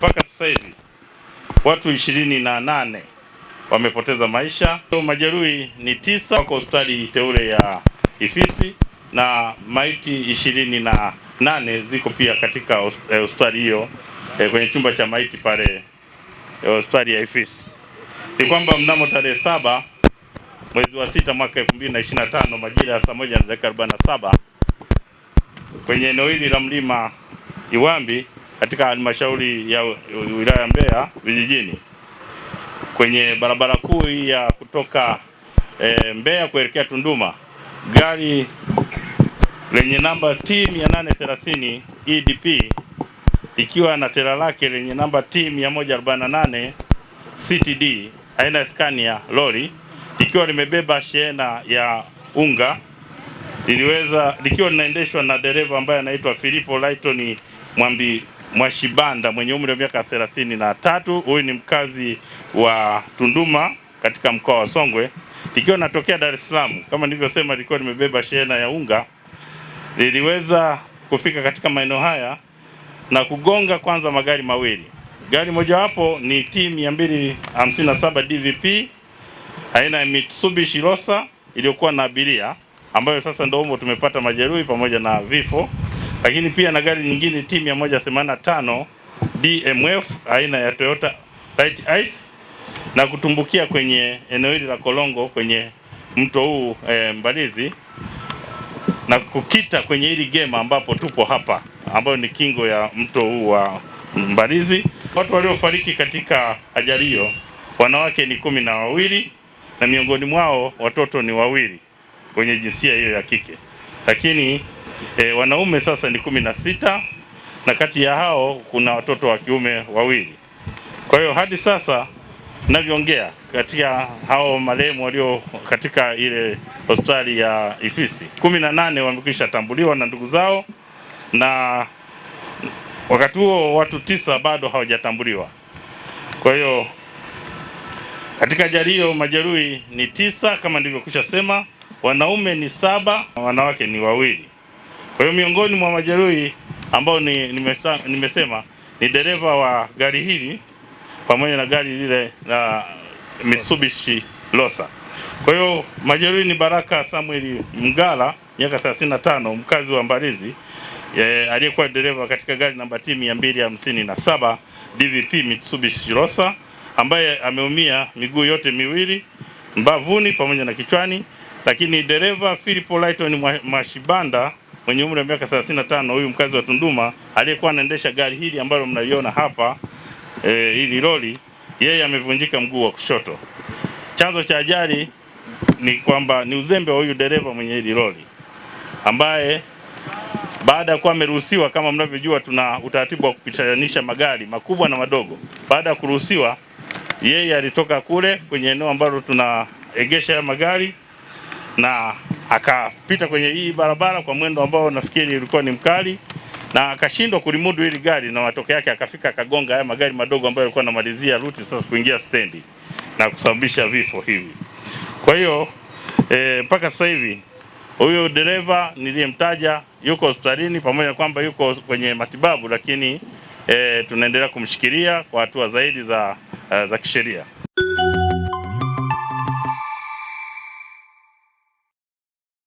mpaka sasa hivi watu ishirini na nane wamepoteza maisha, majeruhi ni tisa, kwa hospitali teule ya Ifisi na maiti ishirini na nane ziko pia katika eh, hospitali hiyo eh, kwenye chumba cha maiti pale eh, hospitali eh, ya Ifisi. Ni kwamba mnamo tarehe saba mwezi wa sita mwaka 2025 majira ya saa moja na dakika 47 kwenye eneo hili la mlima Iwambi katika halmashauri ya wilaya Mbeya vijijini kwenye barabara kuu ya kutoka e, Mbeya kuelekea Tunduma, gari lenye namba T 830 EDP likiwa na tela lake lenye namba T 148 CTD aina ya Scania lori likiwa limebeba shehena ya unga liliweza likiwa linaendeshwa na dereva ambaye anaitwa Filipo Lighton Mwambi Mwashibanda mwenye umri wa miaka thelathini na tatu. Huyu ni mkazi wa Tunduma katika mkoa wa Songwe, likiwa natokea Dar es Salaam. Kama nilivyosema, lilikuwa nimebeba shehena ya unga, liliweza kufika katika maeneo haya na kugonga kwanza magari mawili. Gari mojawapo ni T 257 DVP aina ya Mitsubishi Rosa iliyokuwa na abiria, ambayo sasa ndio humo tumepata majeruhi pamoja na vifo lakini pia na gari nyingine T 185 DMF aina ya Toyota Light Ice na kutumbukia kwenye eneo hili la Kolongo kwenye mto huu e, Mbalizi na kukita kwenye hili gema ambapo tupo hapa, ambayo ni kingo ya mto huu wa Mbalizi. Watu waliofariki katika ajali hiyo wanawake ni kumi na wawili na miongoni mwao watoto ni wawili kwenye jinsia hiyo ya kike, lakini E, wanaume sasa ni kumi na sita na kati ya hao kuna watoto wa kiume wawili. Kwa hiyo hadi sasa navyoongea, katika hao marehemu walio katika ile hospitali ya Ifisi kumi na nane wamekwisha tambuliwa na ndugu zao, na wakati huo watu tisa bado hawajatambuliwa. Kwa hiyo katika ajali hiyo majeruhi ni tisa kama nilivyokwisha sema, wanaume ni saba, wanawake ni wawili. Kwa hiyo miongoni mwa majeruhi ambao ni, nimesa, nimesema ni dereva wa gari hili pamoja na gari lile la Mitsubishi Losa. Kwa hiyo majeruhi ni Baraka Samuel Mgala miaka 35 mkazi wa Mbalizi aliyekuwa dereva katika gari namba T 257 DVP Mitsubishi Rosa ambaye ameumia miguu yote miwili mbavuni pamoja na kichwani, lakini dereva Philip Lighton Mwashibanda mwenye umri wa miaka 35 huyu mkazi wa Tunduma aliyekuwa anaendesha gari hili ambalo mnaliona hapa e, hili lori, yeye amevunjika mguu wa kushoto. Chanzo cha ajali ni kwamba ni uzembe wa huyu dereva mwenye hili lori ambaye baada ya kuwa ameruhusiwa, kama mnavyojua, tuna utaratibu wa kupitanisha magari makubwa na madogo. Baada ya kuruhusiwa, yeye alitoka kule kwenye eneo ambalo tunaegesha ya magari na akapita kwenye hii barabara kwa mwendo ambao nafikiri ulikuwa ni mkali na akashindwa kulimudu hili gari, na matokeo yake akafika akagonga haya magari madogo ambayo yalikuwa yanamalizia ruti sasa kuingia stendi na kusababisha vifo hivi. Kwa hiyo e, mpaka e, sasa hivi huyo dereva niliyemtaja yuko hospitalini, pamoja na kwamba yuko kwenye matibabu, lakini e, tunaendelea kumshikilia kwa hatua zaidi za, e, za kisheria.